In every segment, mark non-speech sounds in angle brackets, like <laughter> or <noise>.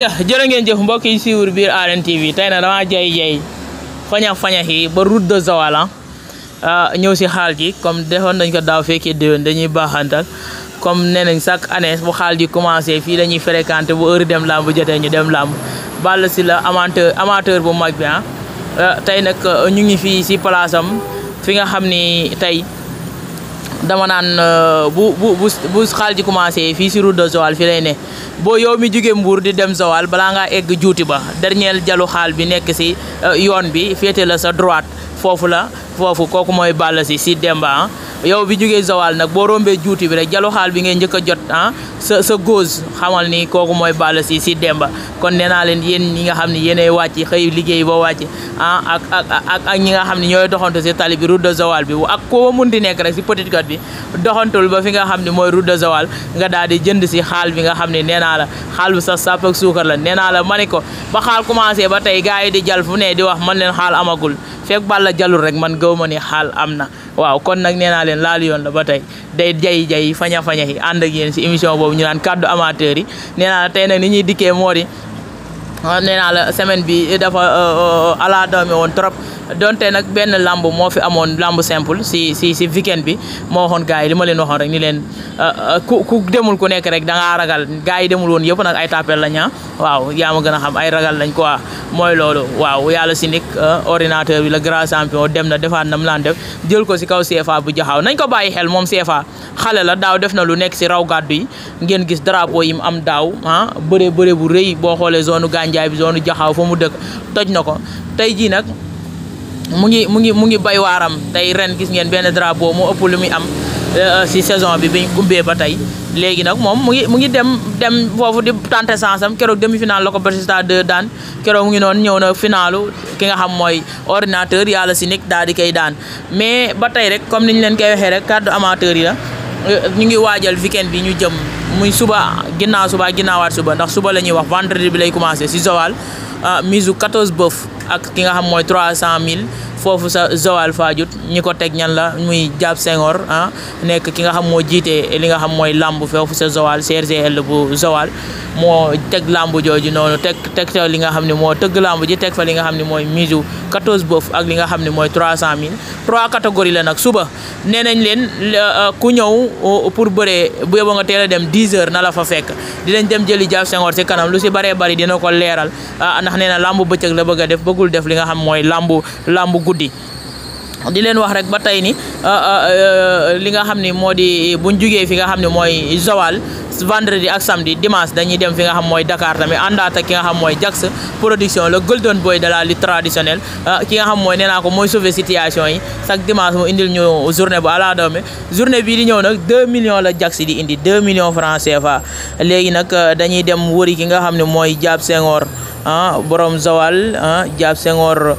jërë ngeen jëf mbokk yi siiwur biir arène tv tey na dama jay jay fañax-fañax yi ba route de Joal ah. Ah, ñëw si xaal ji comme defoon nañ ko daaw fekkee déwén dañuy baaxantal comme nee nañ chaque année bu xaal ji commencé fii dañuy fréquenté bu heure dem làmb jotee ñu dem làmb Balla Sylla amateur amateur bu mag bi ah, ah tey nag ñu ngi fi si place am fi nga xam ni tey dama naan euh, bu bu bu bu xaal ji commencé fii si route de Joal fi lay ne boo yow mi jóge Mbour di dem Joal balaa ngaa egg juuti ba dernier jalu xaal bi nekk si euh, yoon bi féete la sa droite foofu la foofu kooku mooy bàll si si Demba ah. yow bi jugee Joal nag boo rombee juuti bi rek jalu xaal bi ngay njëkk a jot ah sa sa góos xamal ni kooku mooy Balla Sy si Demba kon nee naa leen yéen ñi nga xam ne yéenay wàcc xëy liggéey ba wàcc ah ak ak ak ak nga xam ne ñooy doxantu si tali bi de Joal bi ak koo mun di nekk rek si Petite Côte bi doxantul ba fi nga xam ne mooy route de Joal nga daal di jënd si xaal bi nga xam ne nee naa la xaal sax sàpp la nee naa la ma ne ko ba xaal commencé ba tey gars yi di jal fu nee di wax man leen xaal amagul fekk Balla jalul rek man gaw ma ni xaal am na waaw kon nag nee naa leen laal yoon la ba tey day jay jay faña faña yi ànd ak yéen si émission boobu ñu naan kaddu amateur yi nee la tey nag ni ñuy dikkee moo di nee naa la semaine bi dafa ala euh, euh, doome woon trop donte nag benn làmb moo fi amoon làmb simple si si si weekend bi moo waxoon gars yi li leen waxoon rek ni leen euh, euh, ku ku demul ku nekk rek da ragal gars yi demul woon yëpp nag ay tapel la ñaa ah. waaw yaa ma gën a xam ay ragal lañ quoi mooy loolu waaw yàlla si nekk euh, ordinateur bi la grand champion dem na defaat na mu laan def jël ko si kaw CFA bu jaxaw nañ ko bàyyi xel moom CFA xale la daaw def na lu nekk si raw gàddu yi ngeen gis drapeau yi mu am daaw ah bëre bëre bu rëy boo xoolee zone gànjaay bi zone jaxaaw fa mu dëkk toj na ko tey nag mu ngi mu ngi mu ngi bay waaram tey ren gis ngeen benn drapeau moo ëpp lu muy am euh, si saison bi biñ umbee ba tey léegi nag moom mu ngi mu ngi dem dem foofu di tenter chance am keroog demi-finale la ko Batista 2 daan keroog mu ngi noonu ñëw na finalu ki nga xam mooy ordinateur yàlla si nekk daal di koy daan mais ba tey rek comme ni ñu leen koy waxee rek kàddu amateur yi la euh, ñu ngi waajal weekend bi ñu jëm muy suba ginnaaw suba ginnaawaat suba ndax suba la ñuy wax vendredi bi lay commencé si Joal ah, mise u 14 bœuf ak ki nga xam mooy 300 000 foofu sa Joal Fadiouth ñi ko teg ñan la muy Diab Senghor ah nekk ki nga xam mooy jiite li nga xam mooy làmb foofu sa Joal CRGL bu Joal moo teg làmb jooju noonu teg teg fa li nga xam ne moo tëgg làmb ji teg fa li nga xam ne mooy misu 14 bof ak li nga xam ne mooy 300 000 trois catégories la nag suba nee nañ leen euh, ku ñëw euh, pour bëree bu yóbbu nga teel a dem 10 heures na la fa fekk dinañ dem jëli Diab Senghor si kanam lu si bëree bari dina ko leeral ah, ndax nee na làmb bëccëg la bëgg def bëggul def li nga xam mooy làmb guddi di leen wax rek ba tey ni ah, ah, eh, li nga xam ni moo di buñ jugee fi nga xam ne mooy Joal vendredi ak samedi dimanche dañuy dem fi nga xam mooy dakaar tamit àndaat ak ki nga xam mooy Jax production le golden boy de la lutte traditionnelle ah, ki nga xam mooy nee naa ko mooy sauver situation yi chaque dimanche mu indil ñu journée bu ala doome journée bii di ñëw nag 2 million la Jax di indi 2 million francs CFA léegi nag dañuy dem wëri ki nga xam ne mooy Diab Senghor borom zawal jaab sengoor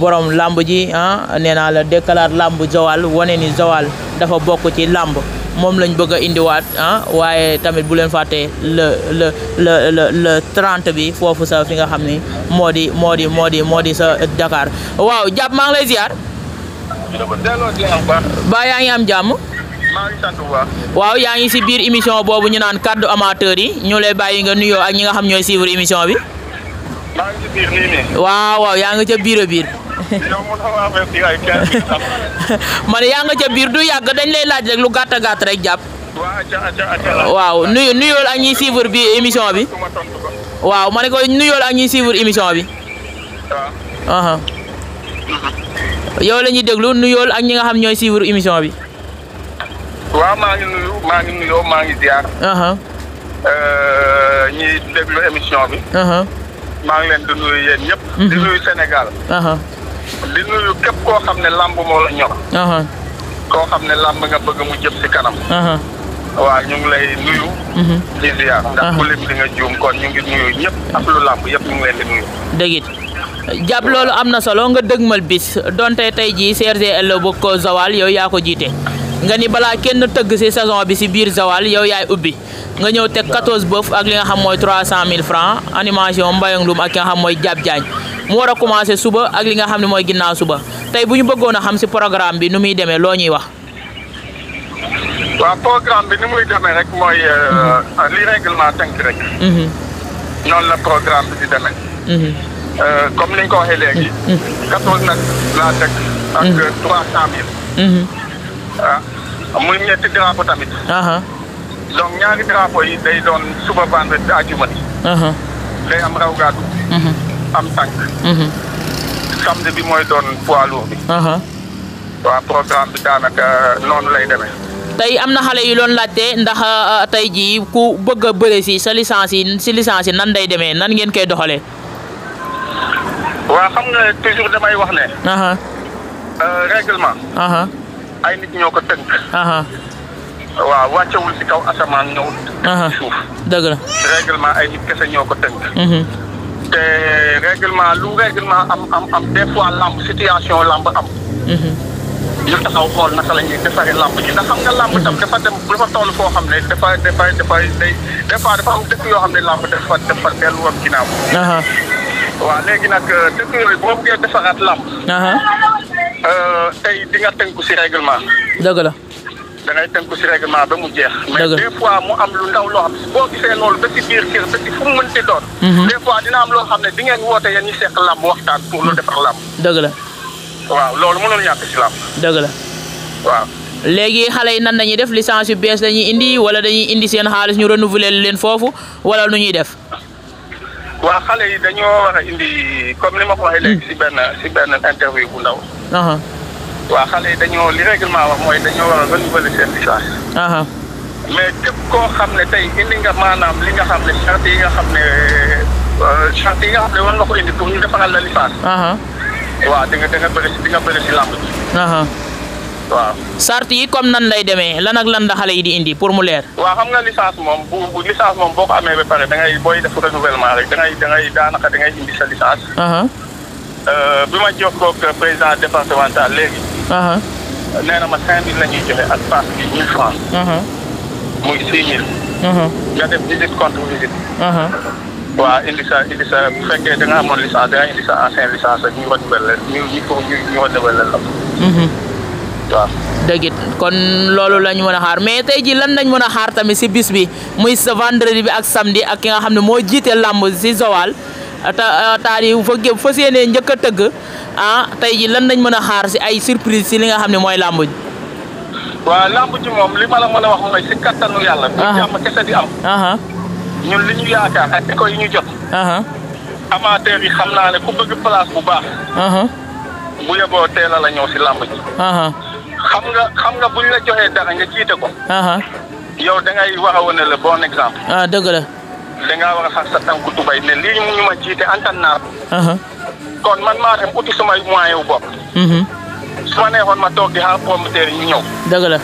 borom lamb ji nee naa la déclare lamb jawal wone ni zawal dafa bokk ci lamb moom lañ bëgg a indiwaat ah waaye tamit bu leen fàttee la le le bi foofu sa fi nga xam ni moo di moo di di moo sa Dakar waaw jàpp maa ba yaa ngi am waaw yaa ngi si biir émission boobu ñu naan kaddu amateur yi ñu lay bàyyi nga nuyoo ak ñi nga xam ñooy suivre émission bi waaw waaw yaa nga ca biir a biir man yaa nga ca biir du yàgg dañ lay laaj rek lu gàtt gàtt rek jàpp waaw nuyu nuyool ak ñuy suivre bi émission bi waaw ma ne ko nuyool ak ñuy suivre émission bi aha yow la ñuy déglu nuyool ak ñi nga xam ñooy suivre émission bi waaw maa ngi nuyu maa ngi nuyoo maa ngi ziar. Euh, ñiy déglu émission bi. maa ngi leen di nuyu yéen ñëpp. Mhm. di nuyu Sénégal. di nuyu képp koo xam ne làmb moo la ñor. koo xam ne làmb nga bëgg mu jëm ci kanam. waaw ñu ngi lay nuyu. Mhm. di ziar ndax ku lim di nga juum kon ñu ngi nuyu ñëpp ak làmb yëpp ñu ngi leen nuyu. dëgg it loolu am na solo nga dëgmal bis donte tey jii CRG El bu ko Zawal yow yaa ko jiite. nga ni bala kenn teug ci saison bi ci bir zawal yow yaay ubbi nga ñew teg 14 bëf ak li nga xam moy 300000 francs animation mbayang lum ak nga xam moy jab jañ mo wara commencer suba ak li nga xam ni moy ginnaw suba tay buñu ñu xam ci programme bi nu muy demee loo ñuy wax wa programme bi ni muy demee rek moy euh, li règlement tank rek mhm. non la programme bi di hmm comme ni nga ko waxee 14 nak la tek ak 300000 hmm muy ñetti drapeau tamit. donc ñaari drapeau yi day doon suba vendredi àjjuma bi. day am raw gaadu. Mhm. am tànk. Mhm. samedi bi mooy doon poids lourd bi. waa programme bi daanaka noonu lay demee. tey am na xale yu doon laajte ndax euh, euh, tey ji ku bëgg a bëre sa licence yi si licence yi nan day demee nan ngeen koy doxale waa xam nga toujours damay wax ne. Euh, règlement. ay nit ñoo ko tënk. waaw wàccewul si kaw asamaan ñëw. suuf dëgg la. règlement ay nit kese ñoo ko tënk. Mhm. te règlement lu règlement am am am des fois lamb situation lamb am. Mhm. ñu taxaw xool naka la ñuy defaree lamb ji ndax xam nga lamb tam mhm. dafa dem dafa toll foo xam ne dafay dafay dafay day des fois dafa am dëkk yoo xam ne lamb dafa dafa delluwaat ginnaaw. waaw léegi nag euh, dëkk yooyu boo bëggee defaraat lamb. Euh, tey di nga tënku si règlement. dëgg la. da ngay tënku si règlement ba mu jeex. mais des fois mu am lu ndaw loo xam boo gisee loolu ba si biir kër ba si fu mu mënti doon. Mhm. des fois dina am loo xam ne di ngeen woote yéen ñi seq làmb waxtaan pour lu defar làmb. dëgg la. waaw loolu mënul ñàkk si làmb. dëgg la. waaw. léegi xale yi nan nañuy def licence yu bees lañuy indi wala dañuy indi seen xaalis ñu renouveler leen foofu wala nu ñuy def. waa xale yi dañoo war a indi comme ma ko waxee bu ndaw. Uh-huh. waaw xale yi dañoo li règlement wax mooy dañoo war a renouveler seen licence. Uh-huh. mais képp koo xam ne tey indi nga maanaam li nga xam ne charte nga xam ne euh, charte yi nga xam ne war nga ko indi pour ñu defaral la uh-huh. waaw di nga di nga bëri si di nan lay demee lan ak lan la xale yi di indi pour mu leer. waaw xam nga licence moom bu bu licence moom boo ko amee ba pare da ngay booy def renouvellement rek da ngay da ngay daanaka da indi sa licence. Euh, bi ma jokkoo ak président départemental léegi. nee ma cinq mille joxe ak pass bi mille francs. muy six mille. nga def visite contre visite. waaw indi fekkee da nga amoon licence da nga indi sa ancien licence ak ñu renouveler mhm. kon loolu lañ mën a xaar mais tey ji lan lañ mën a xaar tamit si bis bi muy sa vendredi bi ak samedi ak ki nga xam ne moo jiite làmb si Joal. taal euh, yi fa fas yéenee njëkk a tëgg ah tey ji lan lañ mën a xaar si ay surprise si li nga xam ne mooy làmb ji. waaw làmb moom li ma la mën a wax mooy si kattanu yàlla. Ah. bu jàmm kese di am. Ah. ñun ñu yaakaar ñu jot. Ah. xam naa xam nga xam nga buñ joxee dara nga jiite ko. yow da ngay war a bon exemple. ah dëgg la. dangaa war a xar sa tànku tubay ne lii ñu ma jiite antan naa ko kon man maa dem uti sumay moyen wu bopp mhm. su ma neexoon ma toog di xaar promoteur yi ñu ñëw dëgg la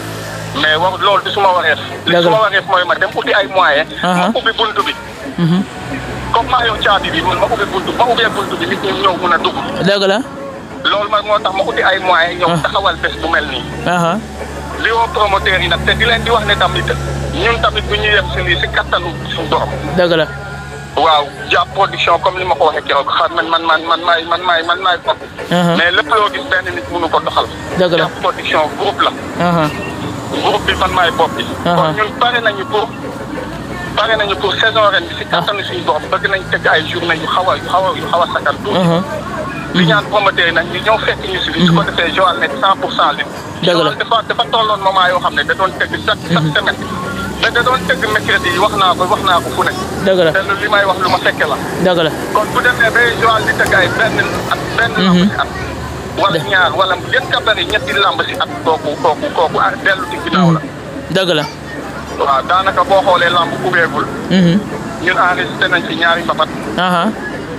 mais wax loolu ma dem uti ay moyen ma ubbi buntu bi mhm. comme maa yor caabi bi man bi nit ñi ñëw mun a dugg dëgg la loolu man moo tax ma uti ay moyen ñëw ah. taxawal bés bu mel nii di woo promoteur yi nag di leen di wax ne tamit ñun tamit bu ñu yem si lii si kattanu suñu borom. dëgg waaw jàpp production comme li ma ko waxee keroog xam man man man man maay man maay man maay bopp. Uh-huh. mais lépp loo ko doxal. dëgg la jàpp production la. Uh-huh. groupe bi man maay bopp bi. Uh-huh. kon ñun pare nañu pour. pare nañu pour saison ren bi si ah. kattanu suñu borom bëgg nañ tëgg ay journée yu xaw a yu xaw a yu xaw a sakkan tuuti li ñaan promoteur yi nag ñu ñëw fekk ñu si. su ko mhm. defee Joal nekk cent pour cent lutte. dëgg la dafa tolloon moment yoo xam ne da doon tëgg chaque mhm. chaque semaine. da doon tëgg mercredi yi wax naa ko wax naa ko fu ne. dëgg wax lu ma fekke la. dëgg la kon bu demee ba Joal di tëgg ay benn ak benn mhm. lamb si at. ñetti lamb si at kooku kooku kooku ah dellu ci ginnaaw la. dëgg la. waaw daanaka boo xoolee lamb ubbeegul. ñun enregistré nañ ci ñaari mbapat.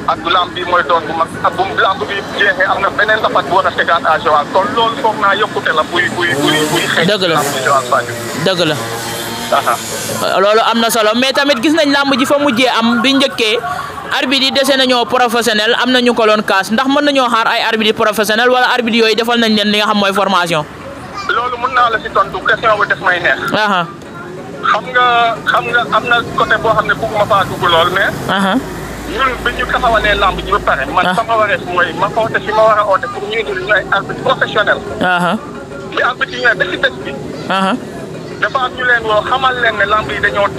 ak lamb bi mooy doon bu mag ak bu lamb bi jeexee am na beneen dafa bu war a ah, à Joal kon loolu foog la buy buy buy buy la la solo mais tamit gis nañ lamb ji fa am bi njëkkee arbitre yi dese nañoo professionnel am ñu ko doon kaas ndax mën nañoo xaar ay arbitre professionnel wala arbitre yooyu defal nañ leen li nga xam mooy formation loolu mën naa la si tontu question bi def may neex xam nga xam nga am côté lool mais ñun bi ñu taxawalee lamb ji ba pare. man ah. sama wareef mooy ma oote fi ma war a oote pour ñu indil ñu ay arbitre professionnel. bi arbitre yi ñu leen te heure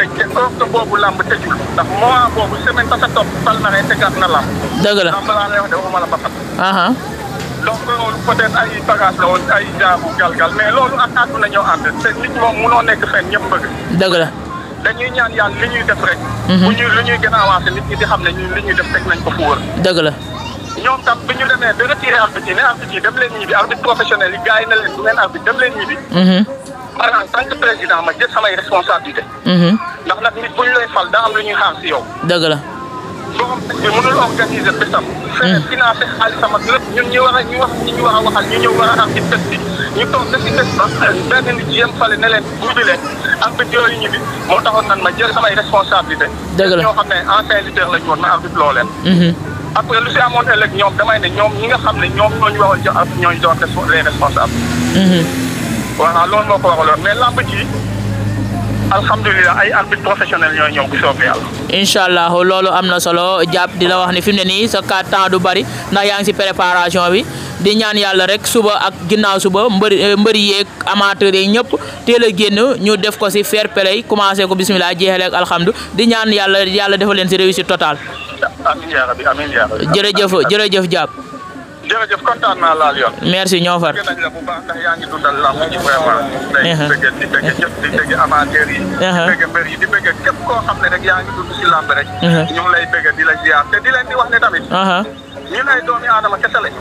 te nit moom munoo nekk fenn ñëpp bëgg. dëgg dañuy ñaan yàlla li ñuy def rek. Mhm. bu ñuy lu ñuy gën a avancé nit ñi di xam ne ñun li ñuy def teg nañ ko fu wër. dëgg la. ñoom tam bi ñu demee ba retiré arbitre yi ne arbitre yi dem leen ñibbi arbitre professionnel yi gars yi na leen du ngeen arbitre dem leen mhm. par en tant président ma jël samay responsabilité. Mhm. ndax nag nit bu ñu lay fal daa am lu ñuy xaar si yow. dëgg ñu war a ñu wax ñu war a waxal ñu ñu toog def ci test sax benn nit yem fale ne leen guddi leen arbitre yooyu ñu bi moo taxoon man ma jël samay responsabilité dëgg la ñoo xam ne ancien lutteur lañu woon ma arbitre loo leen mhm. après lu si amoon ëllëg ñoom damay ne ñoom nga xam ne ñoom ñooñu waxoon jox ak ñooñu doon les responsables mhm. voilà loolu moo ko waraloon mais alhamdulilah ay arbitre professionnel ñooy ñëw bu soobee yàlla. incha allah loolu am na solo jàpp di la wax ni fi ne nii sa quatre temps du bari ndax yaa ngi si préparation bi di ñaan yàlla rek suba ak ginnaaw suba mbëri eh, mbëri yeeg amateur yi ñëpp teel a génn ñu def ko si fair play commencé ko bisimilah jeexale ak alhamdu di ñaan yàlla yàlla defal leen si réussite totale. jërëjëf jërëjëf jàpp. jërëjëf kontaan naa laal yoon. merci ñoo far. nañ la bu baax ndax yaa ngi dundal làmb ji vraiment. day uh-huh. bëgg di bëgg uh-huh. ñëpp di bëgg amateur yi. di uh-huh. bëgg mbër yi di bëgg képp koo xam ne rek yaa ngi dund si làmb rek. ñu ngi lay bëgg di la ziar te di leen di wax ne tamit. ñun ay doomi aadama kese lañ.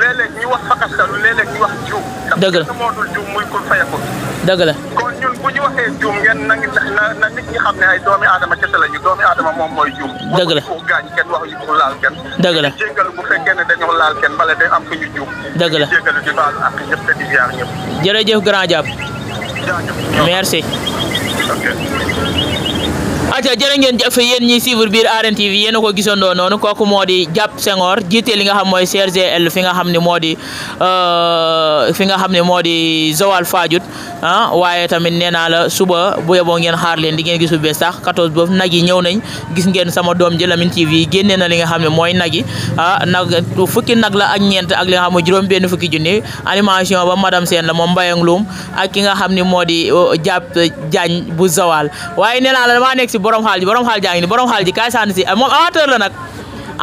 léeg-léeg ñu wax fakkastalu léeg-léeg ñu wax juum. dëgg la ndax moo dul juum muy ko fayakul. dëgg la kon ñun bu ñu waxee juum ngeen na nit ñi xam ne ay doomi aadama kese lañu doomi aadama moom mooy jum. bu fekkee ne dañoo laal kenn bala day am suñu jum. dëgg la jéggalu di baal ak ñëpp di ziar ñëpp. jërëjëf aca jërë ngeen jëf yéen ñiy suivre biir arène tv yéen a ko gisandoo noonu kooku moo di Diap Senghor li nga xam mooy CRGL fi nga xam ne moo di euh, fi nga xam ne moo di Joal Fadiouth ah waaye tamit nee naa la suba bu yeboo ngeen xaar leen di ngeen gis sax 14 boobu nag yi ñëw nañ gis ngeen sama doom ji Lamine TV génnee na li nga xam ne mooy nag yi ah nag nag la ak ñeent ak li juróom benn fukki junni animation ba madame Sène la moom Mbayang Loum ak ki nga xam ni moo di Diap euh, Diagne bu Joal waaye nee naa nekk si borom xaal ji borom xaal jaa ngi ni borom xaal ji kaay sànni si moom amateur la nag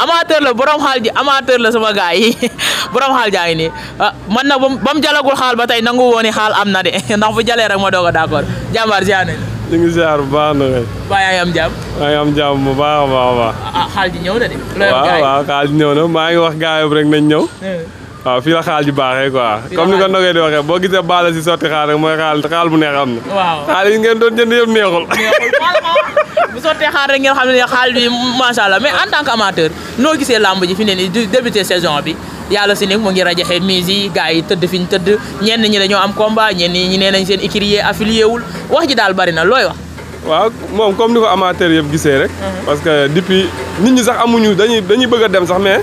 amateur la borom xaal ji amateur la sama gars <laughs> borom xaal jaa ngi ah, man nag ba mu jalagul xaal ba tey nangu woon xaal am na de <laughs> ndax bu jalee rek ma doog a d'accord jàmbaar ziar nañ ñu ngi ziar bu baax na ngay ba yaa ngi am jàmm yaa ngi am jàmm bu baax a baax a baax ah, xaal ji ñëw na de waaw waaw xaal ji ñëw na maa ngi wax gaayam rek nañ ñëw hmm. waaw ah, fii la xaal ji baaxee quoi comme ni ko ndogee di waxee boo gisee baala si sotti xaal rek mooy xaal xaal bu neex am na waaw xaal yi ngeen doon jënd yëpp neexul bu sottee xaar rek ngeen xam ne xaal bi macha allah mais en tant que amateur noo gisee lamb ji fi ne nii débuté saison bi yàlla si nekk mu ngi rajaxe mise yi gars yi tëdd fi ñu tëdd ñenn ñi dañoo am combat ñenn ñi nee nañ seen écurie affilié wul wax ji daal bari na looy wax waaw moom comme ni ko amateur yëpp gisee rek uh-huh. parce que depuis nit ñi sax amuñu dañuy dañuy bëgg a dem sax mais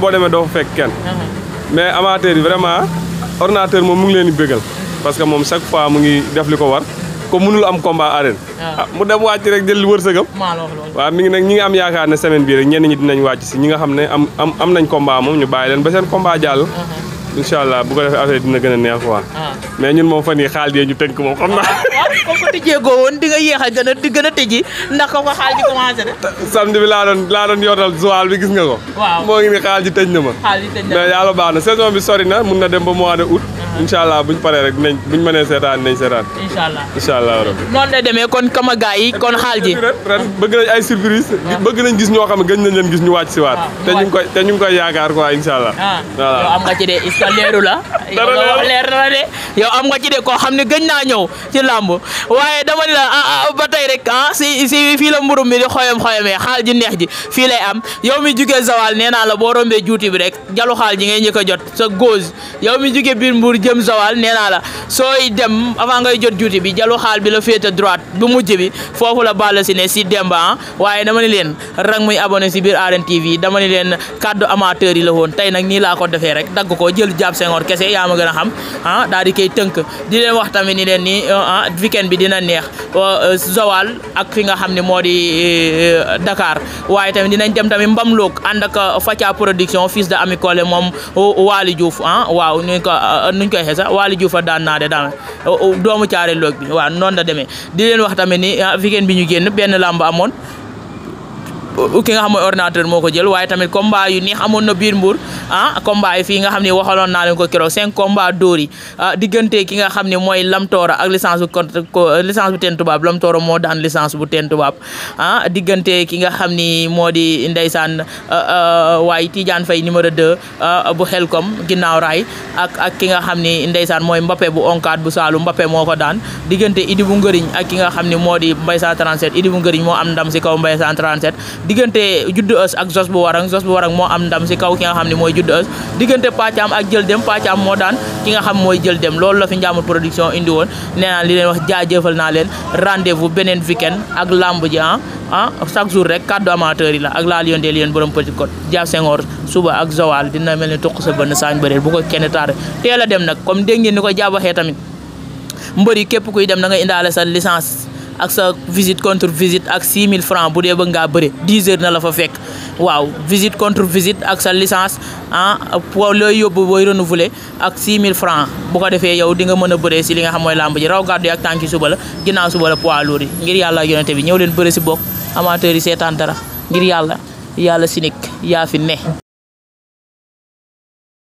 boo demee doo fekk kenn uh-huh. mais amateur yi vraiment ordinateur moom mu ngi leen di bégal parce que moom chaque fois mu ngi def li ko war comme mënul am combat arène. Ah. Ah, mu dem wàcc rek jël wërsëgam. waaw mi ngi nag ñi ngi am yaakaar ne semaine bii rek ñenn ñi dinañ wàcc si ñi nga xam ne am am am nañ combat moom ñu bàyyi leen ba seen combat jàll. Uh-huh. incha allah bu ko defee affaire dina gën a neex ah. mais ñun moom fa yii xaal yee ñu tënk moom xam naa. <laughs> waaw comme que tijjee goo woon di nga yéex a gën a di gën a tijji ndax comme que xaal ji commencé na. samedi bi laa doon laa doon yootal zoal bi gis nga ko. waaw moo ngi ni xaal ji tëj na ma. xaal yaa tëj na ma mais baax na saison bi sori na mun na dem ba mois de août. inshallah buñ paré rek dinañ buñ mënee sétan nañ sétan inshallah inshallah incha non lay démé kon kama gaay yi kon xaal ji. ren bëgg nañ ay surprise. Ah. bëgg nañ gis ño xam ne nañ leen gis ñu wacc ci waat. Ah, té ñu koy té ñu koy yaakar quoi inshallah allah. voilà am nga ci dé isa la. <laughs> dara na dé yo am nga ci dé ko xam ne na ñëw ci lamb wayé dama la ah, ba tay rek ah si si fi la mburu mi di xoyam xoyamee xaal ji neex ji fi lay am yow mi juggé zawal néna la bo rombé juuti bi rek jalu xaal ji ngay njëkk jot sa góos yow mi juggé bir mburu jëm Zawal nee naa la sooy dem avant ngay jot juuti bi jalu xaal bi la féete droite bu mujj bi foofu la si Siné si Demba ah. waaye dama ni leen rang muy abonné si biir Arène TV dama ni leen kaddu amateur yi la woon tey nag nii laa ko defee rek dagg ko jël jàpp Senghor kese yaa ma gën a xam ah daal tënk di leen wax tamit ni leen ni ah, ah weekend bi dina neex Zawal ak fi nga xam ne moo di eh, eh, Dakar waaye tamit dinañ dem tamit Mbamloog ànd ak eh, Fatia production fils de Ami Collé moom Waly Diouf ah waaw nuñ ko nuñ ko waxee sax Waly Diouf a daan naa de daan doomu caare loog bi waaw noonu deme di leen wax tamit ni ah, weekend bi ñu génn benn làmb amoon ki nga xam mooy ordinateur moo ko jël waaye tamit combat yu neex amoon na biir Mbour ah combat yi nga xam ne waxaloon naa leen ko keroog cinq combat dóor ah, diggante ki nga xam ne mooy Lamtoora ak licence bu licence bu teen tubaab Lamtoora moo daan licence bu teen tubaab ah diggante ki nga xam ni moo di ndeysaan ah, ah, waaye tiijaan Faye numéro 2 bu xelkom ginnaaw raay ak ak ki nga xam ni ndeysaan mooy Mbappé bu onkaat bu saalu Mbappé moo ko daan diggante Idi bu ngëriñ ak ki nga xam ne moo di Mbaye 137 Idi bu ngëriñ moo am ndam si kaw Mbaye 137 diggante juddu ës ak Zos bu warang Zos bu warang moo am ndam si kaw ki nga xam ne mooy juddu ës diggante Pathiam ak jël dem Pathiam moo daan ki nga xam mooy jël dem lool la fi Ndiambour production indi woon nee li leen wax jaajëfal naa leen rendez-vous beneen weekend ak lamb ji ah ah chaque jour rek kaddu amateur yi la ak laa Lion de Lion borom Petite Côte Dia Senghor suba ak Joal dina mel ni tuq sa bënn saañ bëreel bu ko kenn taare teel a dem nag comme dégg ngeen ni ko jaabaxee tamit mbër yi képp kuy dem da nga indaale sa licence ak sa visite contre visite ak 6000 francs bu dee bëgg ngaa bëre 10 heures na la fa fekk waaw visite contre visit ak sa licence ah po looy yóbbu booy renouveler ak 6000 francs bu ko defee yow di nga mën a bëree si li nga xam mooy làmb ji raw gàddu ak tànki suba la ginnaaw suba la poids lourd yi ngir yàlla yonente bi ñëw leen bëre si bokk amateur yi seetaan dara ngir yàlla yàlla sinik yaa fi ne